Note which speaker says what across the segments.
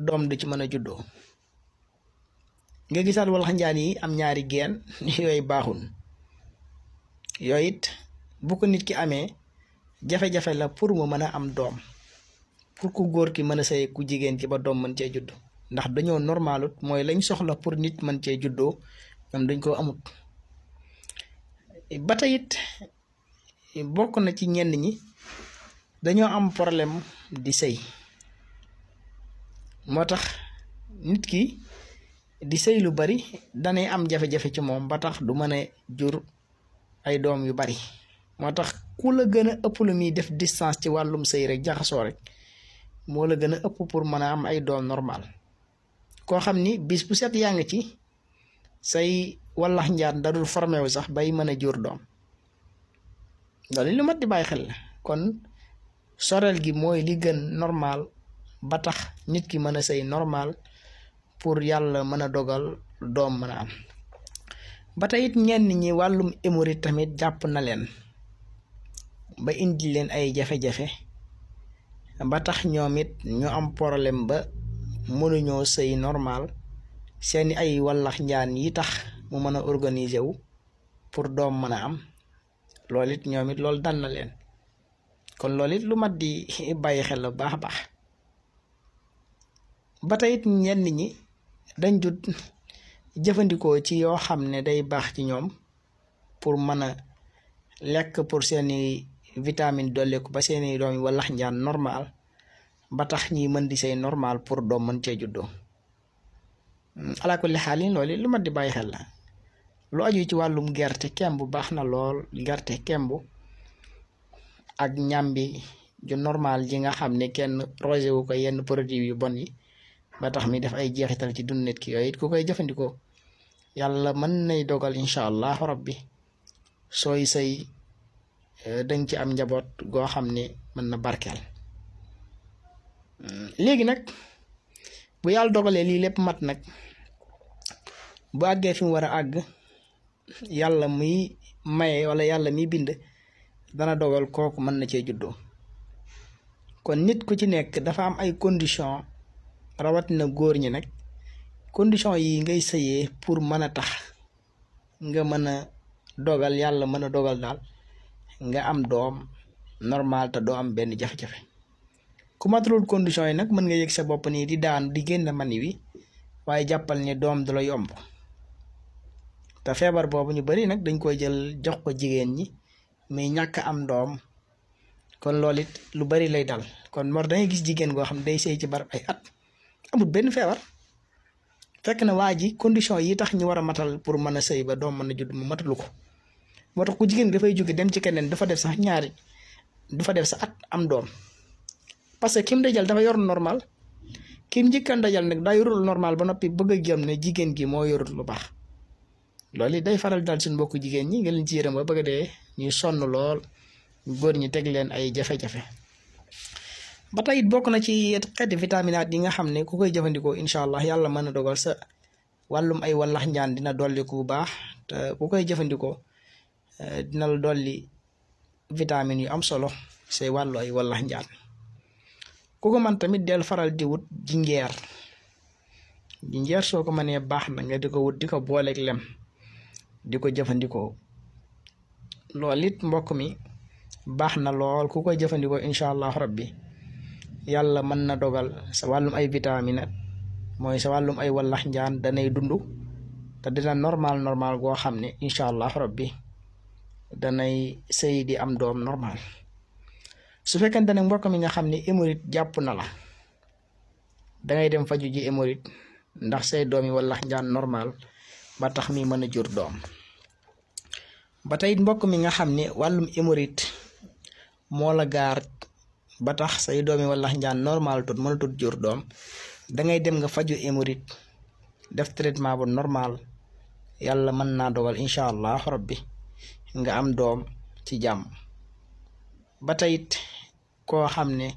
Speaker 1: dom di ci mëna a juddoo nga gisaat wal xanjaan yi am ñaari geen yooyu bahun. yooyu it bu ko nit ki amee jafe-jafe la pour mu mën am dom. pour ku góor ki mën a sëy ku jigéen ki ba doom mën cee judd ndax dañoo normalut mooy lañ soxla pour nit mën cee juddoo ñoom dañ koo amut ba tey it bokk na ci ñenn ñi dañoo am problème di sey moo tax nit ki di sëy lu bari danay am jafe-jafe ci moom ba tax du mën a jur ay doom yu bari moo tax ku la gën a ëpp lu muy def distance ci wàllum sëy rek jaxasoo rek moo la gën a ëpp pour mën a am ay doom normal koo xam ni bis bu set yaa ngi ci say wallax njaat dadul formé wu sax bay mën a jur doom loolu lu mat di bàyyi xel la kon sorel gi mooy li gën normal ba tax nit ki mëna sey normal pour yalla mëna dogal dom mëna am ba tey it ñenn ñi walum emori tamit japp na len ba indi len ay jafe-jafe ba tax ñoom it ñu am problème ba mënuñoo sey normal seeni ay walax ñaan yi tax mu mëna organiser wu pour dom mëna am lolit it it na len kon lolit lu mat di baye xel bu baax baax ba tey it ñenn ñi dañ jut jëfandikoo ci yoo xam ne day baax ci ñoom pour mën a lekk pour seeni vitamine dolliku ba seeni doom yi walax njaan normal ba tax ñi mën di say normal pour doom mën cee juddoo ala kulli halin loolu lu mat di bàyyi xel la lu aju ci wàllum gerte kemb baax na lool gerte kemb ak ñambi ju normal ji nga xam ne kenn rosé wu ko yenn produit yu bon yi ba tax mi def ay jeexital ci dund nit ki yooyu it ku koy jëfandikoo yalla man nay dogal inshallah rabbi soy sëy eh, dañ ci am njabot go xam man na barkel hmm, léegi nak bu yalla dogalee li lepp mat nak bu agge fi wara ag yalla muy maye wala yalla mi bind dana dogal kooku man na ci juddo kon nit ku ci nek dafa am ay condition na goor ñi nak condition yi ngay seyé pour mëna tax nga mëna dogal yalla mëna dogal dal nga am dom normal ta do am benn jafe jafé ku matalul condition yi nak mën nga yek sa bop ni di daan di génn mani wi waye jappal ni dom dula yomb ta febar bobu ñu bari nak dañ koy jël jox ko jigen ñi mais ñak am dom kon lolit lu bari lay dal kon mor digen gis jigen go xam day sey ci ay at amul benn feebar fekk na waa ji condition yi tax ñu war a matal pour mën a sëy ba doom mën a judd mu matalu ko moo tax ku jigéen dafay jóge dem ci keneen dafa def sax ñaari dafa def sa at am doom parce que kim dajal dafa yor normal kim njëkkan ndajal nag daa yorul normal ba noppi bëgg a gëm ne jigéen gi moo yorul lu baax loolu day faral daal suñu mbokku jigéen ñi nga leen ci yërëm ba bëgg a dee ñuy sonn lool góor ñi teg leen ay jafe-jafe. ba tey bokk na ci xeeti vitaminaat yi nga xam ne ku koy jëfandikoo incha allah yàlla mën na dogal sa wàllum ay wallax njaan dina dolli ku baax ku koy jëfandikoo eh, dina la dolli vitamines yu am solo say wàllu ay wallax njaan ku ko man tamit del faral di wut jinjeer jinjeer soo ko mënee baax na nga di ko wut di ko booleek lem di ko jëfandikoo loolu it mbokk mi baax na lool ku koy jëfandikoo incha allah rabbi yalla man na dogal sa walum ay vitamine moy sa walum ay danai njaan danay dundu ta dina normal normal go xamne inshallah allah rabbi da sëy di am dom normal su fekkente ne mbokk mi nga xamne ne japp na la ngay dem faju ji hémorroïde ndax say domi normal ba tax mi meuna jur dom batay tey nga xamne walum mo la gar ba tax say doomi wala ñaan normal tut tut jur doom da ngay dem nga faju hémorite def traitement bu normal yalla mën na dogal inshallah allah rabbi nga am doom ci jàmm ba tayit ko xamne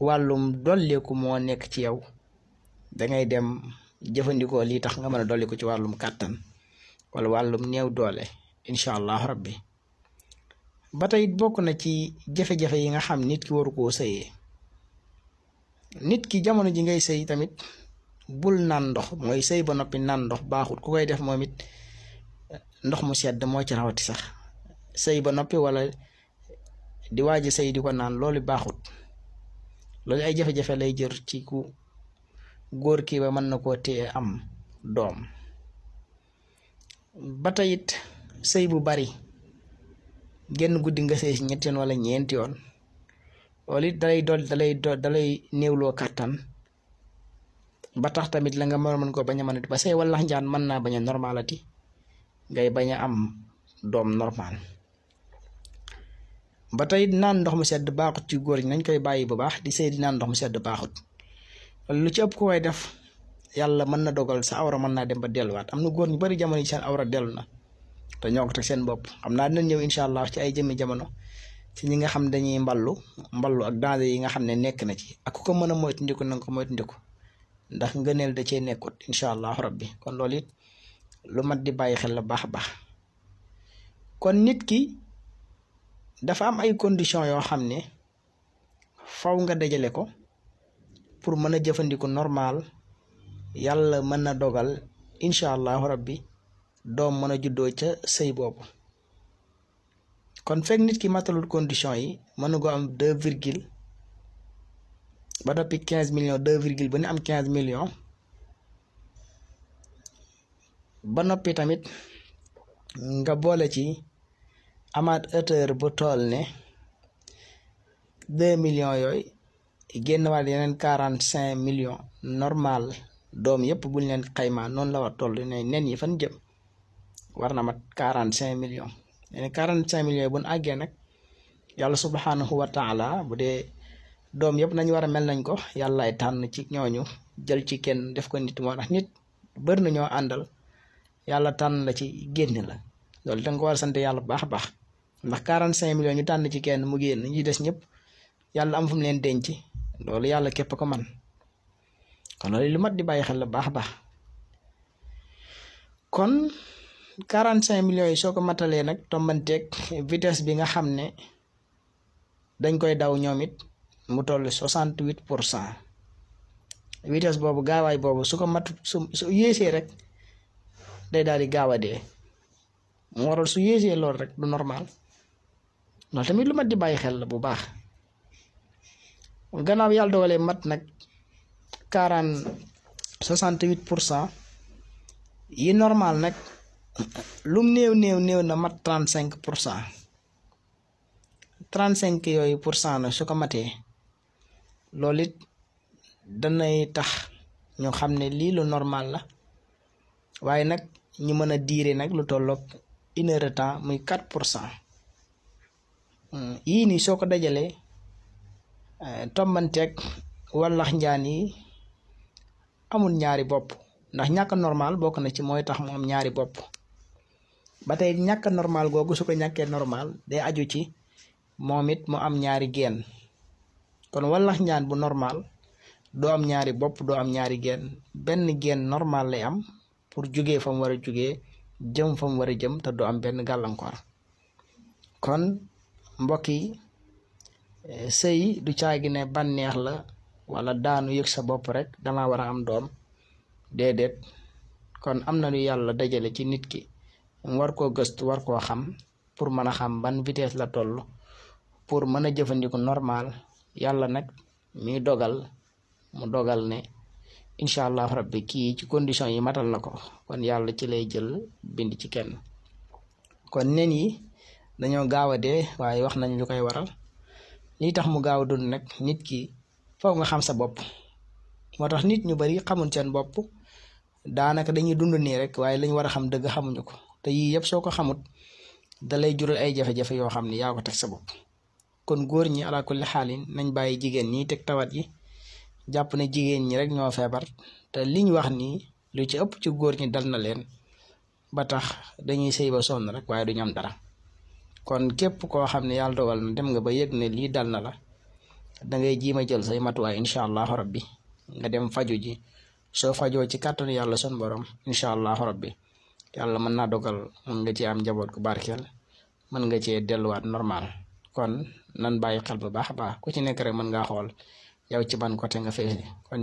Speaker 1: walum wàllum dolleeku moo ci yow ngay dem jëfëndiko li tax nga mëna a dolliku ci walum katan wala walum doole inshallah rabbi ba tey bokk na ci jafe-jafe yi nga xam nit ki waru koo sëyee nit ki jamono ji ngay sëy tamit bul naan ndox mooy sëy ba noppi naan ndox baaxut ku koy def moom it ndox mu sedd moo ci rawati sax sëy ba noppi wala di waaj sëy di ko naan loolu baaxut loolu ay jafe-jafe lay jër ci ku góor kii ba mën na koo téye am doom ba tey sëy bu bari genn guddi nga sey si ñetti yoon wala ñeenti yoon loolu dalay dol dalay dol dalay néewloo kàttan ba tax tamit la nga mëna mëna ko baña mëna ba sey ñaan man na baña normalati ngay baña am dom normal ba tay naan ndox mu sedd baax ci goor ñi nañ koy bayyi bu baax di sey di naan ndox mu sedd baaxut lu ci ëpp ko way def yalla mën na dogal sa awra mën naa dem ba delu am amna goor ñu bari jamono ci sa awra delu na te ñoo ko teg seen bopp xam naa dinañ ñëw incha allah ci ay jëmmi jamono ci ñi nga xam dañuy mballu mballu ak danger yi nga xam ne nekk na ci ak ko mën a moytandiku na nga ko ndax ngëneel da cee nekkut incha allah rabbi kon loolu it lu mat di bàyyi xel la baax a baax kon nit ki dafa am ay conditions yoo xam ne faw nga dajale ko pour mën a jëfandiku normal yàlla mën na dogal incha allah rabbi doom mën a juddoo ca sëy boobu kon fekk nit ki matalul condition yi mënu ko am deux virgule ba noppi quinze millions deux virgule ba am quinze millions ba noppi tamit nga boole ci amaat hauteur ba tool ne deux millions yooyu génn waat yeneen quarante cinq millions normal doom yépp buñ leen xaymaa noonu la war toll ne nen yi fan jëm war na mat quarante cinq million nee na quarante cinq millions yi bu nu àggee nag yàlla subhanahu wa bu dee doom yëpp nañ war a mel nañ ko yàllaay tànn ci ñooñu jël ci kenn def ko nit moo tax nit bër na ñoo àndal yàlla tànn la ci génn la loolu da ko war a sant yàlla bu baax a baax ndax quarante cinq million ñu tànn ci kenn mu génn ñi des ñëpp yàlla am fu mu leen denc loolu yàlla képp ko man kon loolu lu mat di bàyyi xel la baax a baax kon quarante cinq millions yi soo ko matalee nag tombanteeg vitesse bi nga xam ne dañ koy daw ñoom it mu toll soixante huit pour cent vitesse boobu gaawaay boobu su ko mat su su yéesee rek day daal di gaaw a dee mu su yéesee loolu rek du normal loolu tamit lu mat di bàyyi xel la bu baax gannaaw yàlla dogalee mat nag quarante soixante huit pour cent yi normal nag. lum néew néew néew na mat trente cinq pour cent trente cinq yooyu pour cent na su ko matee loolu it danay tax ñu xam ne lii lu normal la waaye nag ñu mën a diire nag lu tolloog une heure muy quatre pour cent hmm, yii nii soo ko dajalee eh, tombanteeg wallax njaan yi amul ñaari bopp ndax ñàkk normal bokk na ci mooy tax moom ñaari bopp ba tey ñàkk normal googu su ko ñàkkee normal day aju ci moom it mu am ñaari geen kon wallax ñaan bu normal doo am ñaari bopp doo am ñaari geen benn génn normal lay am pour jóge fa mu war a jugee jëm fa mu war a jëm te du am benn gàllankoor kon mbokk yi eh, sëy du caagi ne bànneex la wala daanu yëg sa bopp rek dama war a am doom déedéet kon am na lu yàlla dajale ci nit ki war ko gëstu war ko xam pour mëna xam ban vitesse la toll pour mëna jëfëndiku normal yalla nak mi dogal mu dogal ne inshallah allah rabbi ki ci condition yi matal nako ko kon yalla ci lay jël bind ci kenn kon neen yi dañu gaawa de dee wax nañ lu koy waral li tax mu gaaw a dund nit ki faw nga xam sa bop motax nit ñu bari xamul seen bopp daanaka dañuy dund ni rek waye lañu wara xam deug xamuñu ko te yii yëpp soo ko xamut da lay ay jafe-jafe yoo xam ne yaa ko teg sa bopp kon góor ñi ala xaalin nañ bàyyi jigéen ñi teg tawat yi jàpp ne jigéen ñi rek ñoo feebar te liñ wax nii lu ci ëpp ci góor ñi dal na leen ba tax dañuy sëy ba sonn rek waaye duñu am dara kon képp koo xam ne yàlla dogal na dem nga ba yëg ne lii dal na la dangay ngay jiima jël say matuwaay incha allahu rabbi nga dem faju ji soo fajoo ci kàttanu yàlla sun borom incha allahu rabbi yàlla mën naa dogal mën nga cee am njaboot gu barkeel mën nga cee delluwaat normal kon nan bàyyi xel bu baax a baax ku ci nekk rek mën ngaa xool yow ci ban côté nga féete kon